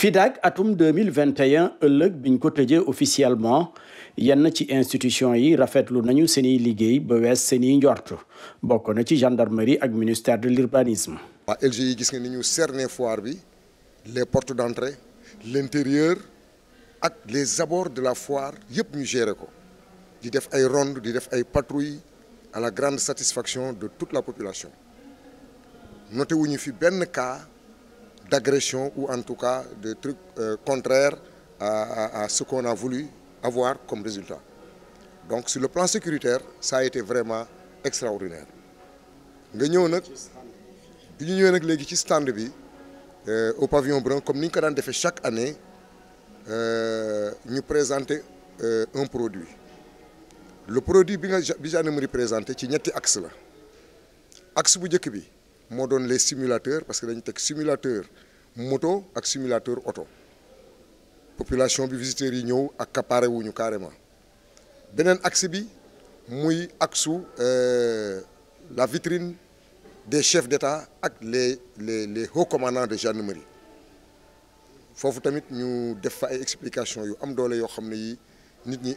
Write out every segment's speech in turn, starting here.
FIDAK atum 2021 ëllëg biñ ko tëjee officiellement yenn ci institution yi rafetlu nañu seeni liggéey ba wees seeni njort bokk na ci gendarmerie ak ministère de l'urbanisme. waa LG yi gis foire les portes d'entrée l'intérieur et les abords de la foire yëpp ñu géré. ko di def ay rondes di def ay patrouilles à la grande satisfaction de toute la population noté wuñu fi benn cas d'agression ou en tout cas de trucs euh, contraires à, ce qu'on a voulu avoir comme résultat. Donc sur le plan sécuritaire, ça a été vraiment extraordinaire. Nous avons eu bi stand euh, au pavillon brun comme nous l'avons fait chaque année nous euh, présenter un produit le produit que nga bi gendarmerie présenté c'est ñetti axe la axe bu les simulateurs parce que dañu moto ak simulateur La population bi visiteur yi ñëw ak accaparé carrément beneen axe bi muy axe euh, la vitrine des chefs d'État et les les hauts commandants de gendarmerie Il tamit ñu def fa ay explications yu am doole yo xamné yi nit ñi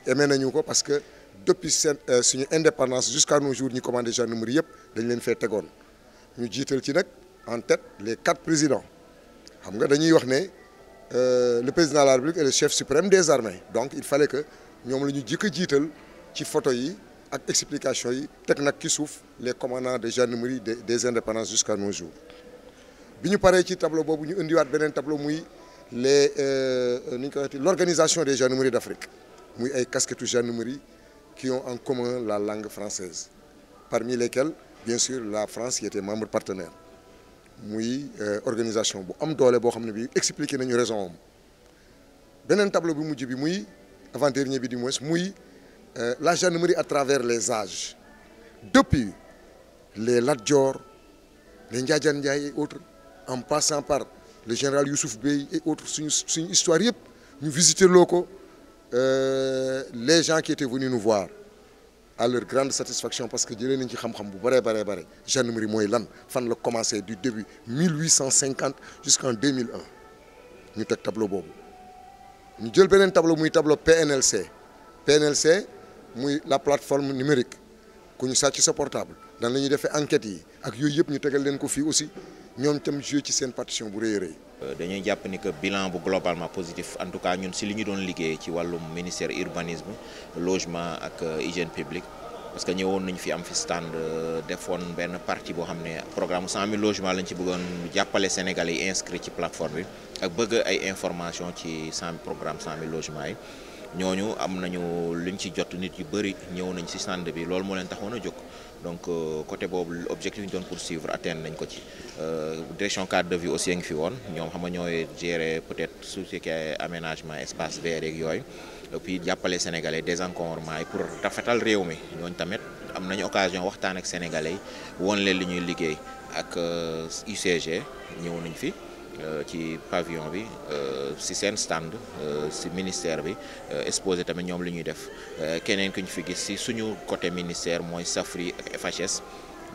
parce que depuis l'indépendance euh, indépendance jusqu'à nos jours ñi commandé gendarmerie yëpp dañ leen Nous avons ñu jiital en tête les quatre présidents nous dañuy euh, le président de la République est le chef suprême des armées donc il fallait que nous nous disions que les photos ci photo yi ak explication les commandants de gendarmerie des des indépendances jusqu'à nos jours bi ñu de ci tableau nous avons indiwaat beneen tableau muy les euh, l'organisation des gendarmeries d'Afrique muy gendarmerie qui ont en commun la langue française parmi lesquelles bien sûr la France qui était membre partenaire muy euh, organisation bu am doole les raisons. bi raison tableau mujj bi avant-dernier bi du muy euh, la gendarmerie à travers les âges depuis les latjor les Ndiadjandia et autres en passant par le général Youssouf Bey et autres suñu une histoire Nous ñu visité euh, les gens qui étaient venus nous voir à leur grande satisfaction parce que jëlee dit, ci xam-xam bu bëree bëree bëri gendarmerie mooy lan fan la commencé du début 1850 jusqu'en 2001 ñu teg tableau bobo. ñu jël beneen tableau muy tableau PNLC PNLC muy la plateforme numérique ku ñu un sa portable dan la ñuy defee enquêtes yi ak fait yëpp ñu tegal leen ko aussi ñoom tam joué ci seen partition bu Euh, dañuy jàpp ni que bilan bu globalement positif en tout cas ñun si li ñu doon liggéey ci wàllum ministère urbanisme logement ak euh, hygiène publique parce que ñëwoon nañu fi am fi stand euh, defoon benn partie boo xam ne programme cent mille logements lañ ci bëggoon jàppale Sénégalais yi inscrit ci plateforme bi ak bëgg ay information ci cent programme cent mille yi ñooñu am nañu luñ ci jot nit yu bëri ñëw nañ ci stand bi loolu moo leen taxoon a jóg donc euh, côté boobu objectif ñu doon poursuivre atteindre nañ ko ci euh, direction cadre de vie aussi a ngi fi woon ñoom xam nga ñooy gérer peut-être su fekkee aménagement espace vert yeeg yooyu et puis jàppale sénégalais désencombrement yi pour rafetal réew mi ñooñu tamit am nañu occasion waxtaan ak sénégalais yi won leen li ñuy liggéey ak UCG euh, ñëw nañ fi. Euh, ci pavillon bi si euh, seen stand si euh, ministère bi exposé tamit ñoom li ñuy def keneen ki ñu fi gis si suñu côté ministère mooy SAFRI ak FHS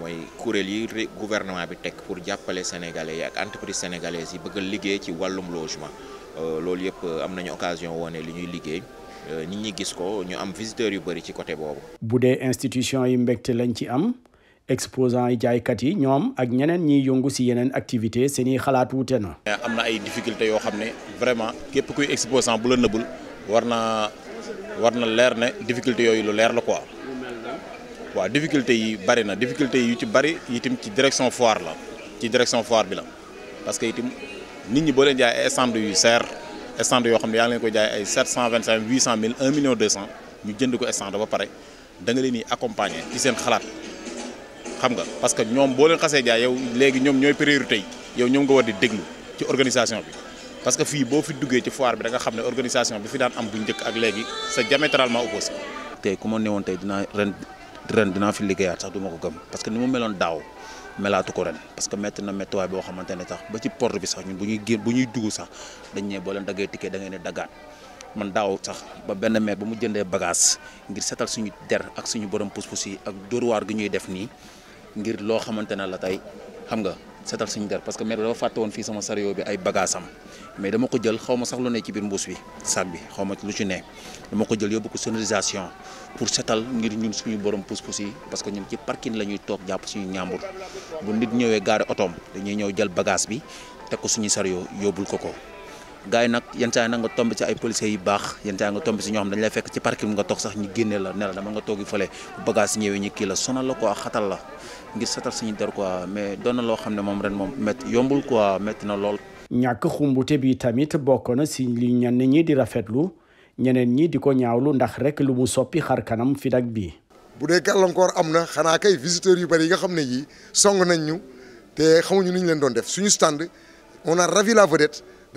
mooy kuréel yi gouvernement bi tek pour jàppale sénégalais yi ak entreprise sénégalaises yi bëgg liggéey ci wàllum logement loolu yëpp am nañu occasion woone li ñuy liggéey nit ñi gis ko ñu am visiteurs yu bëri ci côté boobu. bu dee institution yi mbégte lañ ci am. exposant yi jaay kat yi ñom ak ñeneen ñi yongu ci yeneen activité seen i xalaat wuute na. am ay difficulté yo xam vraiment képp kuy exposant bu la neubul warna warna leer ne difficulté yoyu lu leer la quoi wa difficulté yi bari na difficulté yu ci bari itam ci direction foire la ci direction foire bi la parce que itam nit ñi bo leen jaay ay stand yu ser stand yo xam ya yaa ngi leen ko jaay ay 725 800000 vingt million deux ñu jënd ko stand ba paré da nga leen ni accompagner ci seen xalaat. xam nga parce que ñoom boo leen xasee jaay yow léegi ñoom ñooy priorité yi yow ñoom nga war di déglu ci organisation bi parce que fii boo fi duggee ci foire bi danga xam ne organisation bi fi daan am bu njëkk ak léegi c'est diamétralement opposé tey ku ma newoon tey dinaa ren ren dinaa fi liggéeyaat sax duma ko gëm parce que ni mu meloon daaw melaatu ko ren parce que métti na méttiwaay boo xamante ne sax ba ci porte bi sax ñun bu ñuy génn bu ñuy dugg sax dañ ñee boo leen daggee ticket da ngeen ne daggaat man daaw sax ba benn maire ba mu jëndee bagage ngir setal suñu der ak suñu borom pus-pus yi ak dóoruwaar gi ñuy def nii ngir loo xamante ne la tey xam nga setal suñu der parce que maire dafa fàtte woon fii sama sario bi ay bagages am mais dama ko jël xaw ma sax lu ne ci biir mbuus bi sac bi xaw ma lu ci ne dama ko jël yóbbu ko sonorisation pour setal ngir ñun suñu borom pus-pus yi parce que ñun ci parking la ñuy toog jàpp suñu ñaambur bu nit ñëwee gaare otoom dañuy ñëw jël bagage bi teg ko suñu sario yóbbul ko ko. gaay nak yeen tay nga tomb ci ay policier yu bax yeen tay nga tomb ci ñoom dañ lay fekk ci parking nga tok sax ñu génné la né la dama nga togi fëlé bagage ñëwé ñi ki la sonal la ko xatal la ngir satal suñu der quoi mais doona lo xamné mom ren mom met yombul quoi met na lol ñak xumbuté bi tamit bokk na ci li ñan ñi di rafetlu ñeneen ñi di konya ñaawlu ndax rek lu mu soppi xar kanam fi dak bi bu dé gàllankoor am na kay visiteur yu bari nga xamné yi song nañ ñu te xamu ñu ñu leen doon def suñu stand on a ravi la vedette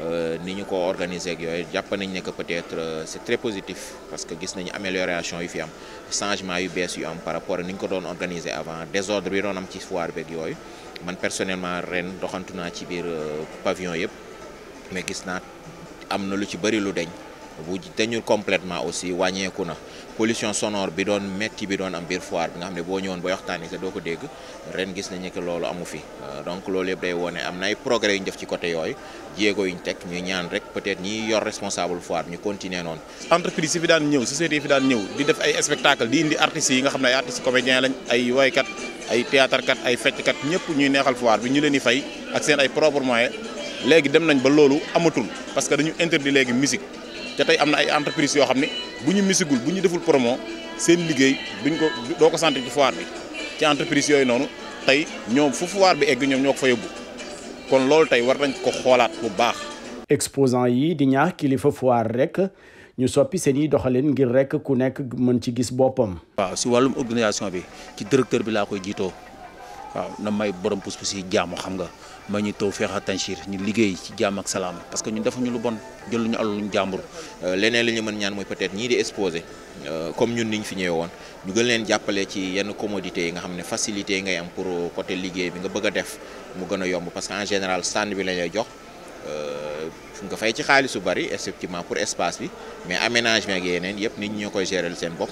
Euh, nous ñu ko organiser ak que peut-être euh, c'est très positif parce que gis une amélioration yu fi am changement yu bees yu am par rapport à ce ñu ko organiser avant désordre bi doon un ci foire beeg yooyu man personnellement ren doxantu naa ci euh, pavillon mais gis avons am na lu ci lu bu dañul complètement aussi wàññeeku kuna pollution sonore bi doon metti bi doon am biir foire bi nga xamné bo boo bo waxtani waxtaanee ko ko dégg ren gis nañu que lolu amu fi euh, donc lolu yëpp day wone am na ay progrès yu ñu def ci côté yoy jéego yu ñu ñu ñaan rek peut-être ñi yor responsable foire ñu continuer non entreprise fi daan ñëw société fi daan ñëw di def ay spectacle di indi artiste yi nga xamné ne ay artistes comédiens lañ ay way kat ay théâtre kat ay fête kat ñëpp ñuy neexal foire bi ñu leen di fay ak seen ay propres moyens légui dem nañ ba loolu amatul parce que dañu interdit légui musique te tey am ay entreprise yo xam buñu misigul buñu deful promo seen liggéey buñ ko doo ko sentir ci foire bi ci entreprise yoy noonu tay ñom fu foire bi egg ñom ñoo fa yóbbu kon lool tay war nañ ko xolaat bu baax. exposant yi di ñaax kilifa foire rek ñu soppi seen i doxalin ngir rek ku nekk mën ci gis boppam. waaw si wàllum organisation bi ci directeur bi laa koy jiitoo. na may borom pus-pus yi jaamu xam nga ma ñu taw fexa tanchir ñu liggéey ci jaam ak salam parce que ñun ñu lu bon ñu alu ñu jàmbur. Euh, leneen li ñu mëna ñaan moy peut-être ñi di exposer euh, comme ñun niñ fi ñëw won ñu gën leen jappalé ci yenn commodité yi nga xamné facilité ngay am pour côté liggéey bi nga bëgg def mu gëna yomb parce que en général stand bi lañu jox euh nga fay ci xaalisu bari exceptement pour espace bi mais aménagement ak yenen yépp nit ñi gérer sen bop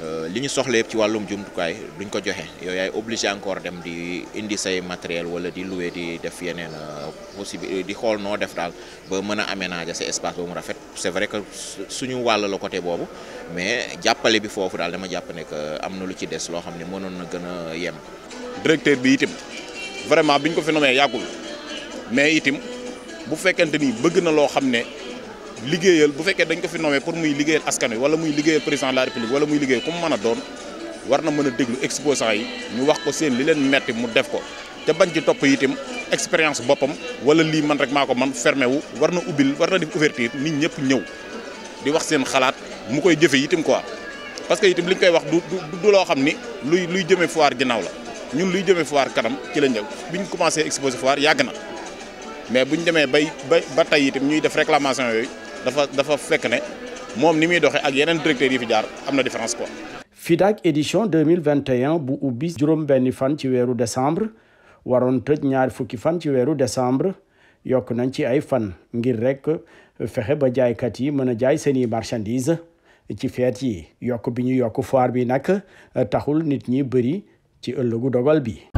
Euh, li ñu soxla yëpp ci wàllum jumtukaay duñ ko joxe yow yaay obligé encore dem di indi say matériel wala di loue di def yeneen euh, possible euh, di xool noo def daal ba mën a amee aménager sa espace ba mu rafet c'est vrai que suñu wàll la côté boobu mais jàppale bi foofu daal dama jàpp ne que am na lu ci des loo xam ne mënoon na gën a yem. directeur bi itam vraiment biñ ko fi nommé yàggul mais itam bu fekkente ni bëgg na loo xam ne. liggéeyal bu fekké dañ ko fi nommé pour muy wala muy président de la république wala muy liggéey ku doon déglu exposant yi ñu wax ko seen li metti mu def ko expérience bopam wala li man rek mako man fermé wu warna warna nit ñepp ñew di wax seen xalaat quoi parce que itam li koy wax du du luy luy foire ginnaaw la ñun luy foire kanam ci la ñew commencé foire na mais buñ on bay ba tay itim ñuy def réclamation dafa dafa fekk ne moom ni muy doxee ak yeneen directeurs yi fi jaar am na différence quoi. FIDAK édition 2021 bu ubbi juróom benni fan ci weeru décembre waroon tëj ñaar fukki fan ci weeru décembre yokk nañ ci ay fan ngir rek fexe ba jaaykat yi mën a jaay seeni marchandise ci feet yi yokk bi ñu yokk foire bi nag taxul nit ñi bëri ci ëllëgu dogal bi